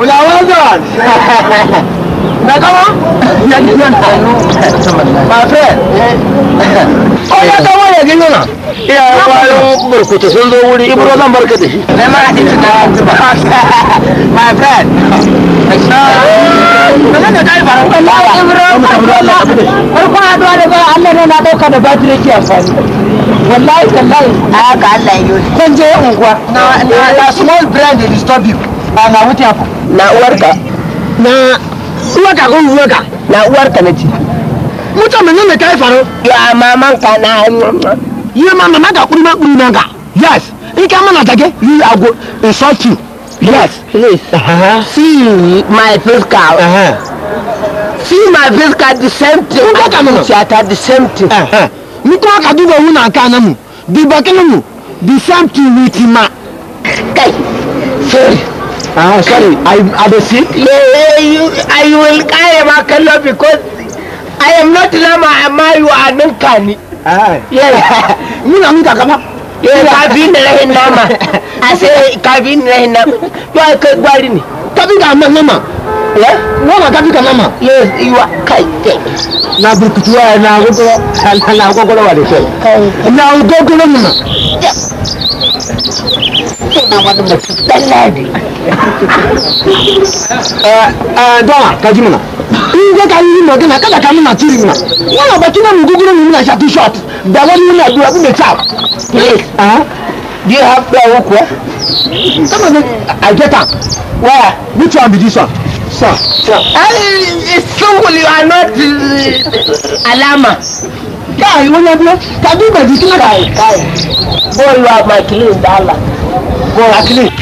ولا وزن نقوى ya ya burkuta sun zo wuri zan barka da shi na ma ake farko da ba Allah ne na dauka da batiri ke amfani wallahi tallahi a haka Allah kun je unguwa na small brand disturb you na wuce ku na uwarka na uwarka ko uwarka na uwarka na ce mutum mun ne kai faro ya maman ka na yi ma mama ka kuri ma kuri na ka yes in ka mana take yi ago insult you yes please uh -huh. see my face ka uh -huh. see my face ka the same thing kun ka kanu theater the same thing uh -huh. ni ka duba wuna ka na mu bi bakinu mu the same thing with ma kai sorry Ah, sorry, I'm at the Yeah, yeah, you, I will carry my color because I am not Lama, am You are not Ah, yeah. You know, I'm not kabin rahin nama a gwari ne kabin da amma Mama kafika mama. Yes, you are kai. Na bukutuwa na gogoro na gogoro wa de sai. Na gogoro mama. Kina wani mutum dalladi. Eh eh dama kaji mana. In ga kai yin magana kada ka muna tiri mana. Wala ba kina mu gogoro mu muna sha t-shirt. Da wani yana duwa kuma ta. Please. Ah. Do you have flower kuwa? Come on, I get up. Where? Which one be this one? Sure, sure. I, it's true, you are not uh, Alama. Guy, you want to Can you imagine? Guy, guy. Boy, you are my clean, Dala. Go, clean.